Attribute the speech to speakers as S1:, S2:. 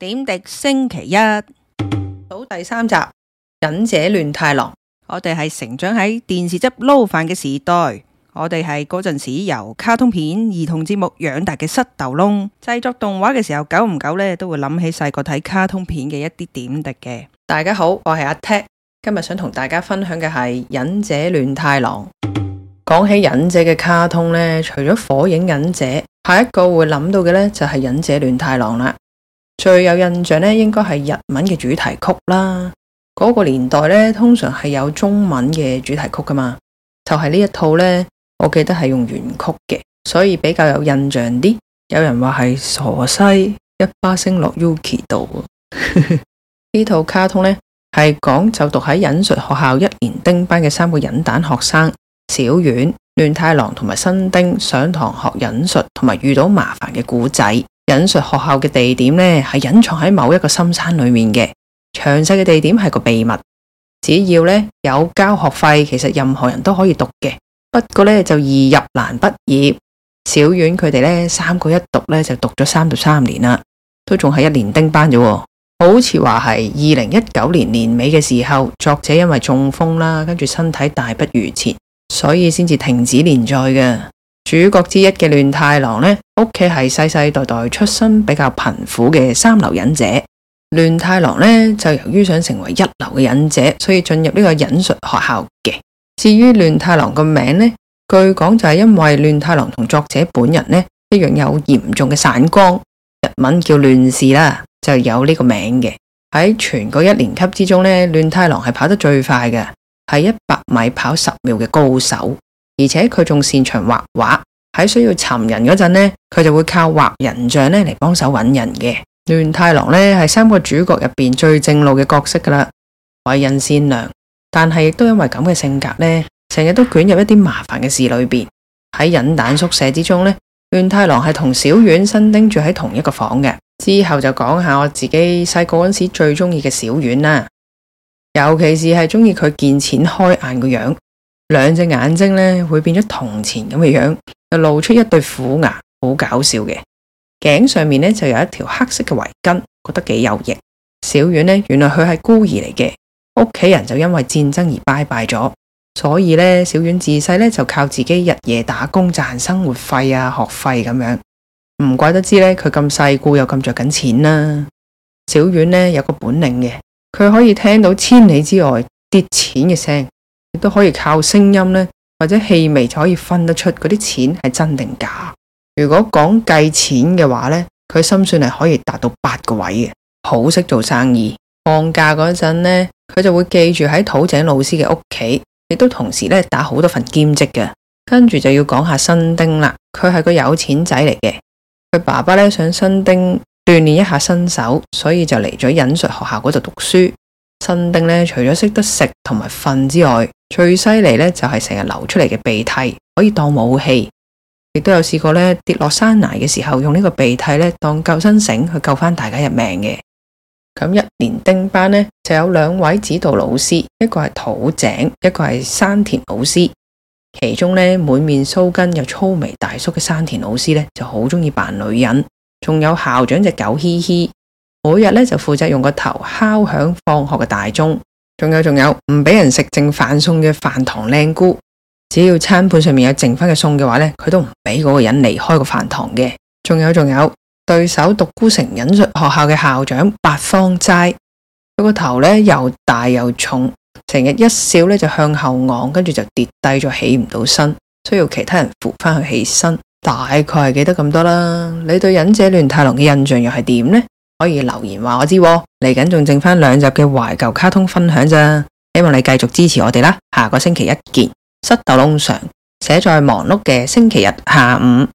S1: 點滴星期一，到第三集《忍者亂太郎》。我哋係成長喺電視汁撈飯嘅時代，我哋係嗰陣時由卡通片、兒童節目養大嘅濕豆窿。製作動畫嘅時候，久唔久呢都會諗起細個睇卡通片嘅一啲點滴嘅。大家好，我係阿踢，今日想同大家分享嘅係《忍者亂太郎》。講起忍者嘅卡通呢，除咗《火影忍者》，下一個會諗到嘅呢，就係《忍者亂太郎》啦。最有印象咧，應該係日文嘅主題曲啦。嗰、那個年代咧，通常係有中文嘅主題曲㗎嘛。就係、是、呢一套咧，我記得係用原曲嘅，所以比較有印象啲。 有人話係傻西一巴星落、y、uki 度，呢 套卡通咧係講就讀喺忍術學校一年丁班嘅三個忍蛋學生小丸、亂太郎同埋新丁上堂學忍術同埋遇到麻煩嘅故仔。引述學校嘅地點呢，係隱藏喺某一個深山裏面嘅。詳細嘅地點係個秘密。只要呢有交學費，其實任何人都可以讀嘅。不過呢，就易入難畢業。小丸佢哋呢，三個一讀呢，就讀咗三十三年啦，都仲係一年丁班啫。好似話係二零一九年年尾嘅時候，作者因為中風啦，跟住身體大不如前，所以先至停止連載嘅。主角之一嘅亂太郎呢，屋企係世世代代出身比較貧苦嘅三流忍者。亂太郎呢，就由於想成為一流嘅忍者，所以進入呢個忍術學校嘅。至於亂太郎嘅名呢，據講就係因為亂太郎同作者本人呢一樣有嚴重嘅散光，日文叫亂視啦，就有呢個名嘅。喺全個一年級之中呢，亂太郎係跑得最快嘅，係一百米跑十秒嘅高手。而且佢仲擅長畫畫，喺需要尋人嗰陣呢，佢就會靠畫人像呢嚟幫手揾人嘅。亂太郎呢係三個主角入邊最正路嘅角色噶啦，為人善良，但係亦都因為咁嘅性格呢，成日都捲入一啲麻煩嘅事裏邊。喺隱蛋宿舍之中呢，亂太郎係同小丸、新丁住喺同一個房嘅。之後就講下我自己細個嗰時最中意嘅小丸啦，尤其是係中意佢見錢開眼個樣。兩隻眼睛咧會變咗銅錢咁嘅樣，又露出一對虎牙，好搞笑嘅。頸上面咧就有一條黑色嘅圍巾，覺得幾有型。小丸咧原來佢係孤兒嚟嘅，屋企人就因為戰爭而拜拜咗，所以咧小丸自細咧就靠自己日夜打工賺生活費啊學費咁樣。唔怪得知咧佢咁細個又咁着緊錢啦，啊。小丸咧有個本領嘅，佢可以聽到千里之外跌錢嘅聲。都可以靠聲音咧，或者氣味就可以分得出嗰啲錢係真定假。如果講計錢嘅話呢，佢心算係可以達到八個位嘅，好識做生意。放假嗰陣咧，佢就會記住喺土井老師嘅屋企，亦都同時咧打好多份兼職嘅。跟住就要講下新丁啦，佢係個有錢仔嚟嘅。佢爸爸呢想新丁鍛鍊一下身手，所以就嚟咗忍術學校嗰度讀書。新丁呢，除咗識得食同埋瞓之外，最犀利呢就係成日流出嚟嘅鼻涕，可以當武器，亦都有試過呢跌落山崖嘅時候，用呢個鼻涕呢當救生繩去救返大家一命嘅。咁一年丁班呢，就有兩位指導老師，一個係土井，一個係山田老師。其中呢，滿面鬚根又粗眉大叔嘅山田老師呢，就好中意扮女人，仲有校長隻狗嘻嘻，每日呢，就負責用個頭敲響放學嘅大鐘。仲有，仲有唔俾人食剩飯餸嘅飯堂靚姑，只要餐盤上面有剩翻嘅餸嘅話咧，佢都唔俾嗰個人離開個飯堂嘅。仲有，仲有對手獨孤城忍術學校嘅校長八方齋，佢個頭咧又大又重，成日一笑咧就向後昂，跟住就跌低咗起唔到身，需要其他人扶翻佢起身。大概係記得咁多啦。你對忍者亂太郎嘅印象又係點呢？可以留言話我知喎，嚟緊仲剩返兩集嘅懷舊卡通分享咋，希望你繼續支持我哋啦。下個星期一見，塞豆窿上，寫在忙碌嘅星期日下午。